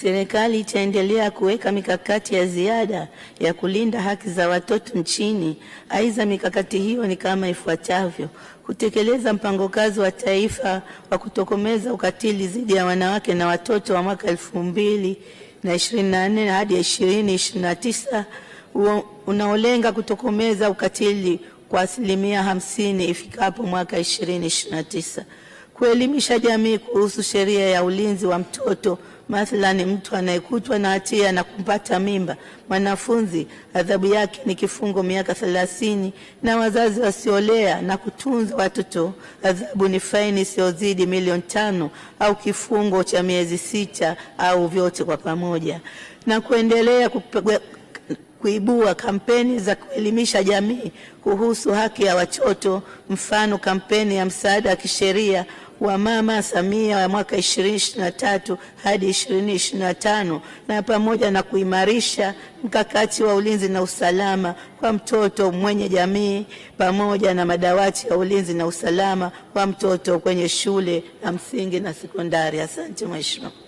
Serikali itaendelea kuweka mikakati ya ziada ya kulinda haki za watoto nchini. Aidha, mikakati hiyo ni kama ifuatavyo: kutekeleza mpango kazi wa taifa wa kutokomeza ukatili dhidi ya wanawake na watoto wa mwaka 2024 na hadi ishirini unaolenga kutokomeza ukatili kwa asilimia hamsini ifikapo mwaka 2029, kuelimisha jamii kuhusu sheria ya ulinzi wa mtoto Mathalani, mtu anayekutwa na hatia na kumpata mimba mwanafunzi, adhabu yake ni kifungo miaka thelathini, na wazazi wasiolea na kutunza watoto, adhabu ni faini isiyozidi milioni tano au kifungo cha miezi sita au vyote kwa pamoja na kuendelea kupe kuibua kampeni za kuelimisha jamii kuhusu haki ya watoto, mfano kampeni ya msaada wa kisheria wa Mama Samia ya mwaka 2023 hadi 2025 na pamoja na kuimarisha mkakati wa ulinzi na usalama kwa mtoto mwenye jamii pamoja na madawati ya ulinzi na usalama kwa mtoto kwenye shule ya msingi na sekondari. Asante Mheshimiwa.